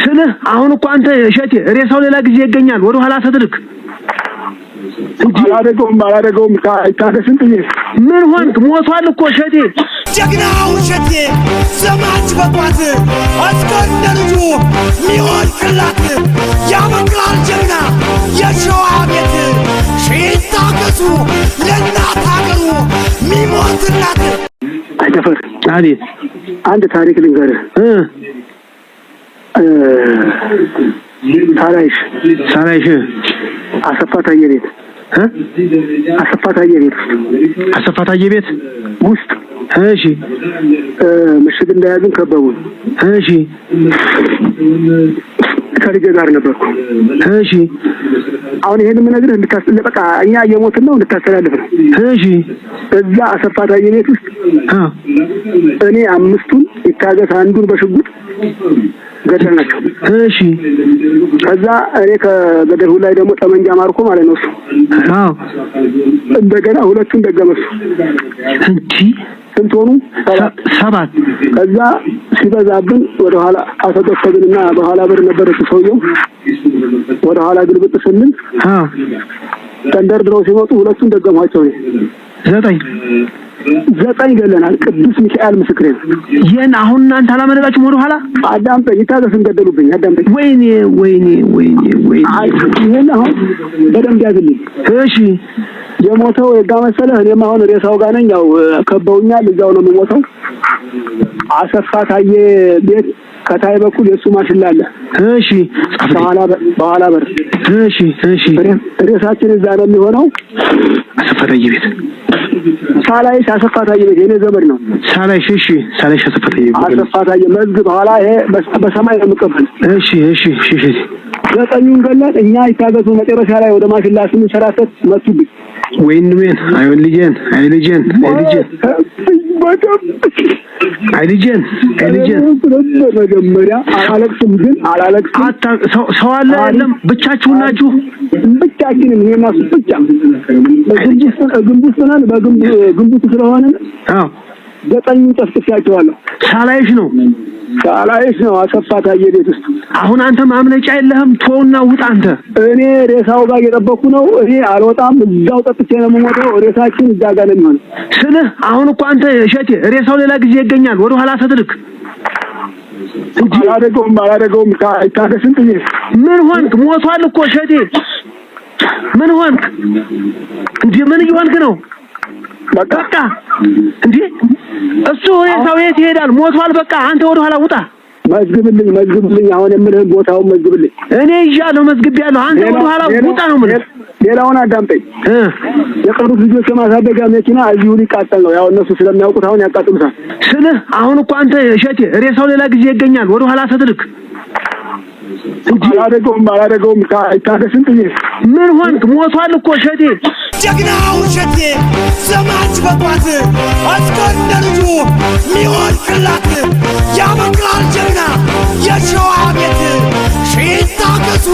ስልህ አሁን እኮ አንተ እሸቴ ሬሳው ሌላ ጊዜ ይገኛል። ወደ ኋላ ተድርክ እንጂ አላደገውም አላደገውም። ታገስን ጥዬ ምን ሆንክ? ሞቷል እኮ እሸቴ፣ ጀግናው እሸቴ ዘማች በቋት አስከንደ ልጁ ሚሆን ቅላት ያበቅላል ጀግና የሸዋ ቤት ሺህ ታገሱ ለእናት ሀገሩ ሚሞት አይተፈር። አቤት አንድ ታሪክ ልንገርህ ሳላይሽ ሳላይሽ አሰፋ ቤት አሰፋ ቤት አሰፋ ቤት ውስጥ እሺ፣ ምሽግ እንዳያዝን ከበቡን። እሺ፣ ከልጄ ጋር ነበርኩ። እሺ፣ አሁን ይሄን የምነግርህ በቃ እኛ እየሞትን ነው እንድታስተላልፍ ነው። እሺ፣ እዛ አሰፋ ቤት ውስጥ እኔ አምስቱን ይታገስ አንዱን በሽጉጥ ገደል ናቸው። እሺ ከዛ እኔ ከገደሉ ላይ ደግሞ ጠመንጃ ማርኮ ማለት ነው እሱ። አዎ እንደገና ሁለቱን ደገመሱ እንቺ ስንት ሆኑ? ሰባት ከዛ ሲበዛብን ወደ ኋላ አሰደፈብንና በኋላ ብር ነበር ሰውየው። ወደ ኋላ ግልብጥ ስንል አዎ ተንደርድረው ሲመጡ ሁለቱን ደገሟቸው። ዘጠኝ ዘጠኝ ገለናል። ቅዱስ ሚካኤል ምስክሬ ይህን አሁን እናንተ አላመለጣችሁም። ወደ ኋላ አዳምጠኝ፣ ይታገስን ገደሉብኝ። አዳምጠኝ። ወይኔ ወይኔ ወይኔ ወይኔ፣ ይህን አሁን በደንብ ያዝልኝ። እሺ የሞተው የጋ መሰለህ። እኔም አሁን ሬሳው ጋር ነኝ። ያው ከበውኛል። እዛው ነው የምሞተው። አሰፋ ታዬ ቤት ከታይ በኩል የእሱ ማሽላ አለ። እሺ በኋላ በኋላ በር። እሺ እሺ፣ ሬሳችን እዛ ነው የሚሆነው። አሰፋ ታዬ ቤት ሳላይ አሰፋ ታዬ ቤት የኔ ዘመድ ነው። ሳላይ እሺ፣ ሳላይ አሰፋ ታዬ አሰፋ ታዬ መዝግብ። ኋላ ይሄ በሰማይ ነው የምቀበል። እሺ፣ እሺ፣ እሺ፣ እሺ። ዘጠኙን ገላት እኛ ይታገሱ። መጨረሻ ላይ ወደ ማሽላ ስንሸራተት መጡብኝ። ወይንድሜን አይወን ልጄን አይ ልጄን አይ ልጄን አይ ልጄን አይ ልጄን መጀመሪያ አላለቅስም፣ ግን አላለቅስም። ሰው አለ የለም፣ ብቻችሁን ናችሁ ብቻችንን እኔና እሱ ብቻ ግንቡ ስለሆነ በግንቡ ስለሆነ ዘጠኙን ጠፍጥፊያቸዋለሁ። ሳላይሽ ነው ሳላይሽ ነው አሰፋት አየ ቤት ውስጥ አሁን አንተ ማምለጫ የለህም። ቶውና ውጣ አንተ እኔ ሬሳው ጋር እየጠበኩ ነው። እኔ አልወጣም። እዛው ጠጥቼ ነው የምሞተው። ሬሳችን እዛ ጋር ነው የሚሆነው ስልህ አሁን እኮ አንተ እሸቴ ሬሳው ሌላ ጊዜ ይገኛል። ወደ ኋላ ሰትልክ አላደገውም አላደገውም። ከስንት ምን ሆንክ? ሞቷል እኮ እሸቴ ምን ሆንክ እንዴ? ምን እየሆንክ ነው? በቃ እንዴ እሱ ሁኔታው የት ይሄዳል? ሞቷል። በቃ አንተ ወደ ኋላ ውጣ። መዝግብልኝ፣ መዝግብልኝ። አሁን የምልህን ቦታውን መዝግብልኝ። እኔ ይዣለሁ፣ መዝግቤያለሁ። አንተ ወደ ኋላ ውጣ ነው የምልህ። ሌላውን አዳምጠኝ። የቀሩት ልጆች የማሳደጊያ መኪና እዚሁ ሊቃጠል ነው። ያው እነሱ ስለሚያውቁት አሁን ያቃጥሉታል ስልህ፣ አሁን እኮ አንተ እሸቴ ሬሳው ሌላ ጊዜ ይገኛል። ወደ ኋላ ሰትልክ አላደገውም አላደገውም አይታገስም ብዬ ምን ሆንክ? ሞቷል እኮ እሸቴ፣ ጀግናው እሸቴ ዘማች በቋት አስቆን ደርጁ ሚሆን ቅላት ያበቃል ጀግና የሸዋ ቤት ሺህ ይታገሱ